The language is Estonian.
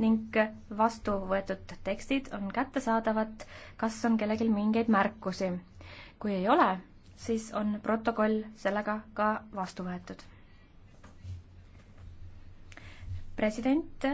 ning vastu võetud tekstid on kättesaadavad. kas on kellelgi mingeid märkusi? kui ei ole, siis on protokoll sellega ka vastu võetud. president